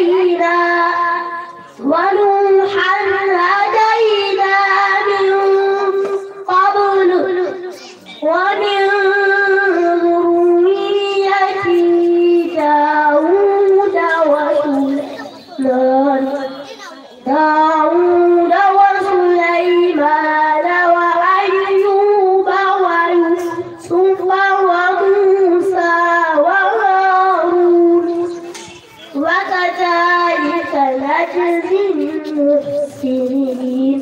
你的。وذلك نجزي المحسنين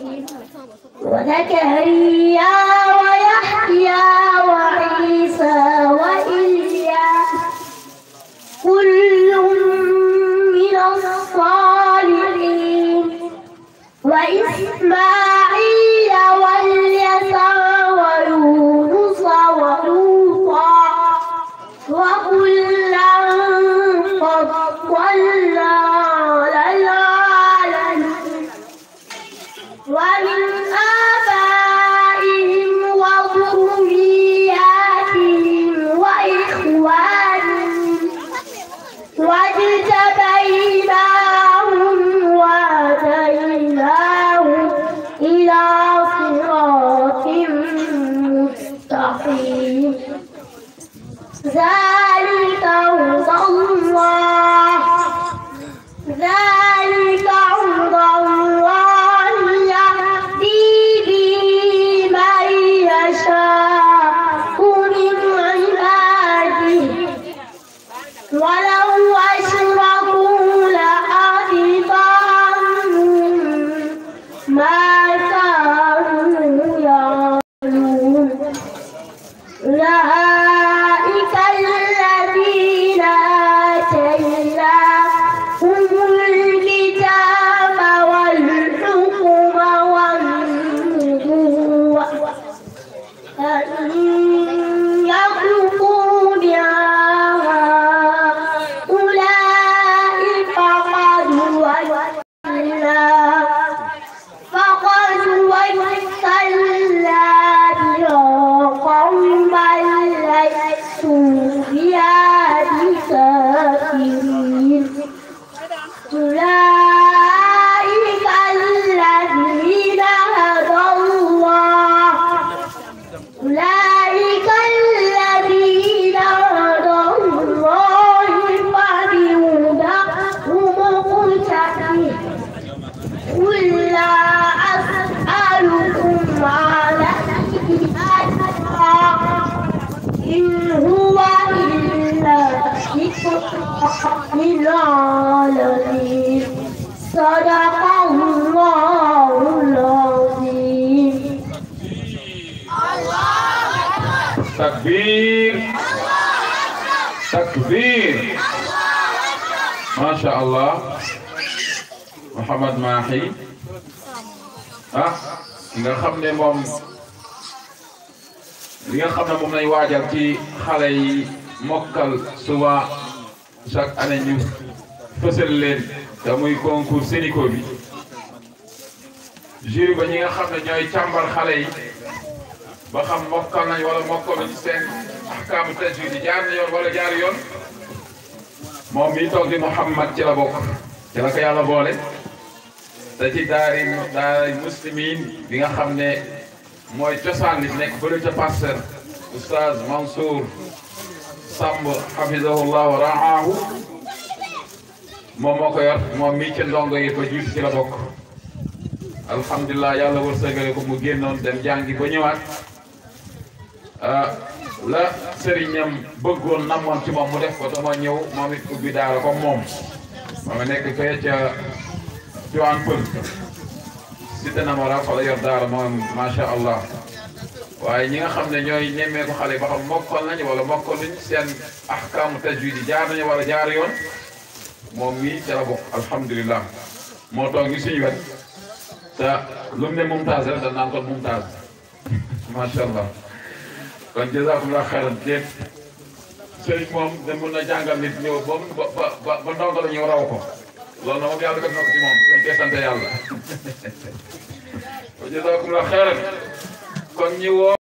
وزكريا ويحيى وعيسى وإلياس كل من الصالحين وإسماعيل و है تكبير تكبير ما شاء الله محمد ماحي ها ليغا خامني موم ليغا خامني موم لاي واجال كي خالاي موكال سوا شاك اني نيو فسل لين دا موي كونكور سينيكو بي جيري با نيغا خامني نيوي تيامبال خالاي ba xam mokkal nañ wala mokkal nañu seen ahkaamu tajwid yi jaar na yoon wala jaar yoon moom mii toog di Muhammad ci la bokk ci la ko yàlla boole te ci daari daari bi nga xam ne mooy cosaan nekk bële ca pasteur oustaz Mansour Samb hafizahullah wa raahu moom moo ko yor moom mii ci ndongo yi ba jiitu ci la bokk alhamdulilah yàlla wërsëgale ko mu génnoon dem jàngi ba ñëwaat Ah, la sëriñam bëggoon namoon ci moom mu def ko dama ñëw moom it ubbi daara comme moom ma nga nekk fee ca Tiwaan Pël si dana ma fa la yor daara moom macha allah waaye ñi nga xam ne ñooy ñemmeeku xale ba xam mokkal nañu wala mokkaluñ seen ahkaamu tajwid yi jaar nañu wala jaar yoon moom mii ca la bokk alhamdulilah moo toog ngi suñu wet te lu mu ne mumtaaz rek da naan ko mumtaaz allah. kon jazakumullah xayran déet sëriñ moom da mën na jàngal nit ñëw ba ba ba raw ko loolu na moom yàlla def na ko ci moom dañ koy sant yàlla kon kon ñi woo